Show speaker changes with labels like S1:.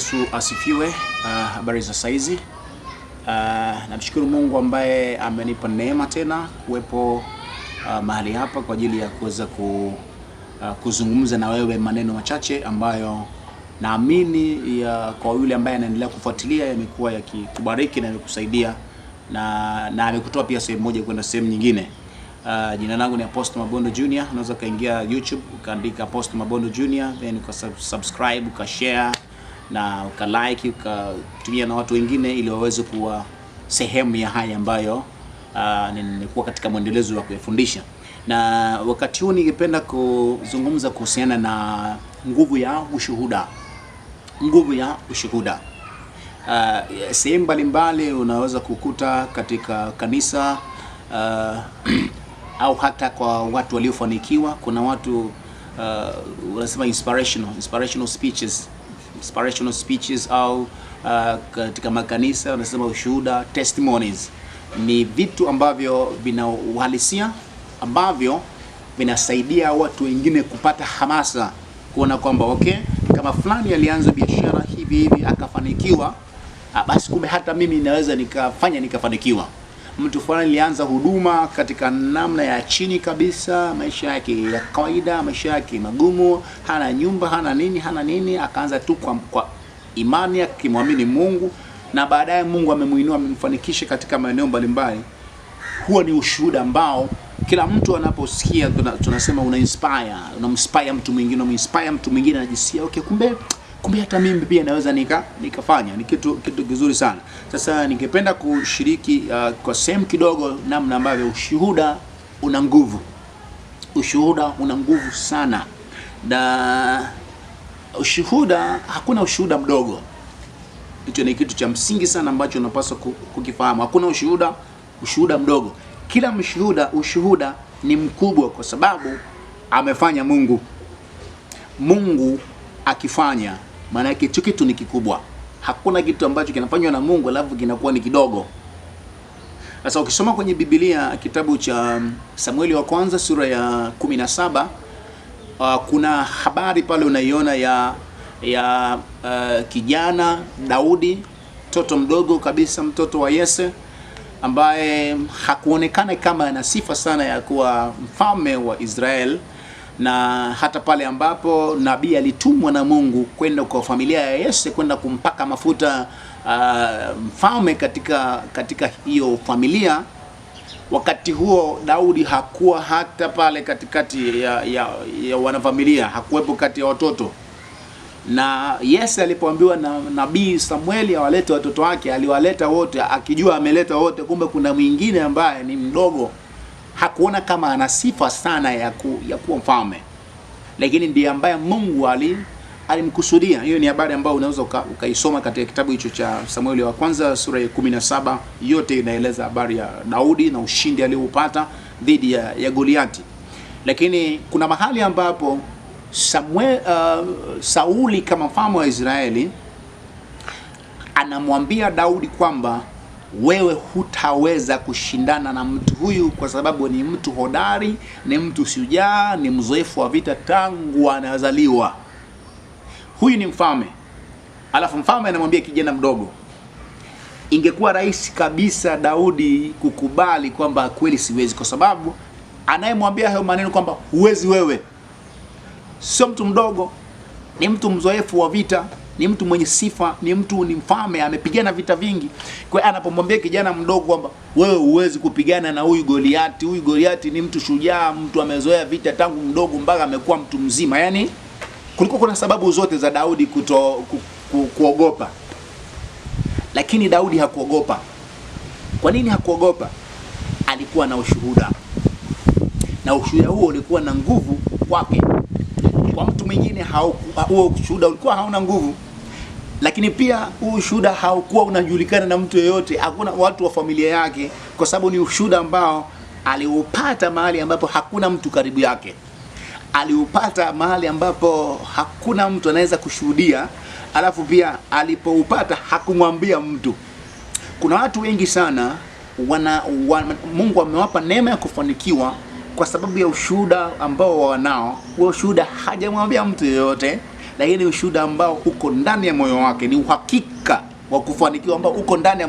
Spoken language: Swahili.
S1: Yesu asifiwe. Ah, habari uh, za saizi uh, namshukuru Mungu ambaye amenipa neema tena kuwepo uh, mahali hapa kwa ajili ya kuweza ku, uh, kuzungumza na wewe maneno machache ambayo naamini ya kwa yule ambaye anaendelea kufuatilia yamekuwa yakikubariki na yamekusaidia na na amekutoa pia sehemu moja kwenda sehemu nyingine. Uh, jina langu ni Apostle Mabondo Junior. Unaweza ukaingia YouTube ukaandika Apostle Mabondo Junior then uka subscribe uka share na ukalike ukatumia na watu wengine, ili waweze kuwa sehemu ya haya ambayo uh, nimekuwa katika mwendelezo wa kuyafundisha. Na wakati huu ningependa kuzungumza kuhusiana na nguvu ya ushuhuda, nguvu ya ushuhuda. Uh, sehemu mbalimbali unaweza kukuta katika kanisa uh, au hata kwa watu waliofanikiwa, kuna watu wanasema inspirational, inspirational speeches inspirational speeches au uh, katika makanisa wanasema ushuhuda, testimonies ni vitu ambavyo vina uhalisia ambavyo vinasaidia watu wengine kupata hamasa kuona kwamba okay, kama fulani alianza biashara hivi hivi akafanikiwa, ah, basi kumbe hata mimi naweza nikafanya nikafanikiwa mtu fulani alianza huduma katika namna ya chini kabisa, maisha yake ya kawaida, maisha yake magumu, hana nyumba, hana nini, hana nini, akaanza tu kwa, kwa imani akimwamini Mungu, na baadaye Mungu amemuinua amemfanikisha katika maeneo mbalimbali. huwa ni ushuhuda ambao kila mtu anaposikia tunasema una inspire, unamspire mtu mwingine, unaminspire mtu mwingine, anajisikia okay, kumbe kumbe hata mimi pia naweza nika nikafanya. Ni kitu kitu kizuri sana. Sasa ningependa kushiriki uh, kwa sehemu kidogo, namna ambavyo ushuhuda una nguvu. Ushuhuda una nguvu sana, na ushuhuda, hakuna ushuhuda mdogo. Hicho ni kitu cha msingi sana ambacho unapaswa kukifahamu. Hakuna ushuhuda ushuhuda mdogo, kila mshuhuda ushuhuda ni mkubwa, kwa sababu amefanya Mungu Mungu akifanya maana yake hicho kitu ni kikubwa. Hakuna kitu ambacho kinafanywa na Mungu alafu kinakuwa ni kidogo. Sasa ukisoma kwenye Biblia kitabu cha mm, Samueli wa kwanza sura ya 17 uh, kuna habari pale unaiona ya ya uh, kijana Daudi, mtoto mdogo kabisa, mtoto wa Yese ambaye hakuonekana kama ana sifa sana ya kuwa mfalme wa Israel na hata pale ambapo nabii alitumwa na Mungu kwenda kwa familia ya Yese kwenda kumpaka mafuta uh, mfalme katika, katika hiyo familia. Wakati huo Daudi hakuwa hata pale katikati ya, ya, ya wanafamilia, hakuwepo kati ya watoto. Na Yese alipoambiwa na nabii Samueli awalete watoto wake, aliwaleta wote akijua ameleta wote, kumbe kuna mwingine ambaye ni mdogo hakuona kama ana sifa sana ya, ku, ya kuwa mfalme, lakini ndiye ambaye Mungu ali alimkusudia. Hiyo ni habari ambayo unaweza ukaisoma uka katika kitabu hicho cha Samueli wa kwanza sura ya 17. Yote inaeleza habari ya Daudi na ushindi aliyoupata dhidi ya, ya Goliati, lakini kuna mahali ambapo Samuel, uh, Sauli kama mfalme wa Israeli anamwambia Daudi kwamba wewe hutaweza kushindana na mtu huyu, kwa sababu ni mtu hodari, ni mtu shujaa, ni mzoefu wa vita tangu anazaliwa. Huyu ni mfalme, alafu mfalme anamwambia kijana mdogo. Ingekuwa rahisi kabisa Daudi kukubali kwamba kweli siwezi, kwa sababu anayemwambia hayo maneno kwamba huwezi wewe sio mtu mdogo, ni mtu mzoefu wa vita ni mtu mwenye sifa, ni mtu ni mfalme, amepigana vita vingi. Kwa hiyo anapomwambia kijana mdogo kwamba wewe huwezi kupigana na huyu Goliati, huyu Goliati ni mtu shujaa, mtu amezoea vita tangu mdogo mpaka amekuwa mtu mzima. Yaani kulikuwa kuna sababu zote za Daudi kuto ku, ku, kuogopa, lakini Daudi hakuogopa. Kwa nini hakuogopa? Alikuwa na ushuhuda, na ushuhuda huo ulikuwa na nguvu kwake. Kwa mtu mwingine huo ushuhuda ulikuwa hauna nguvu lakini pia huu ushuhuda haukuwa unajulikana na mtu yeyote, hakuna watu wa familia yake, kwa sababu ni ushuhuda ambao aliupata mahali ambapo hakuna mtu karibu yake, aliupata mahali ambapo hakuna mtu anaweza kushuhudia, alafu pia alipoupata hakumwambia mtu. Kuna watu wengi sana wana, wana, Mungu amewapa neema ya kufanikiwa kwa sababu ya ushuhuda ambao wanao. Huo ushuhuda hajamwambia mtu yeyote lakini ushuhuda ambao uko ndani ya moyo wake ni uhakika wa kufanikiwa ambao uko ndani ya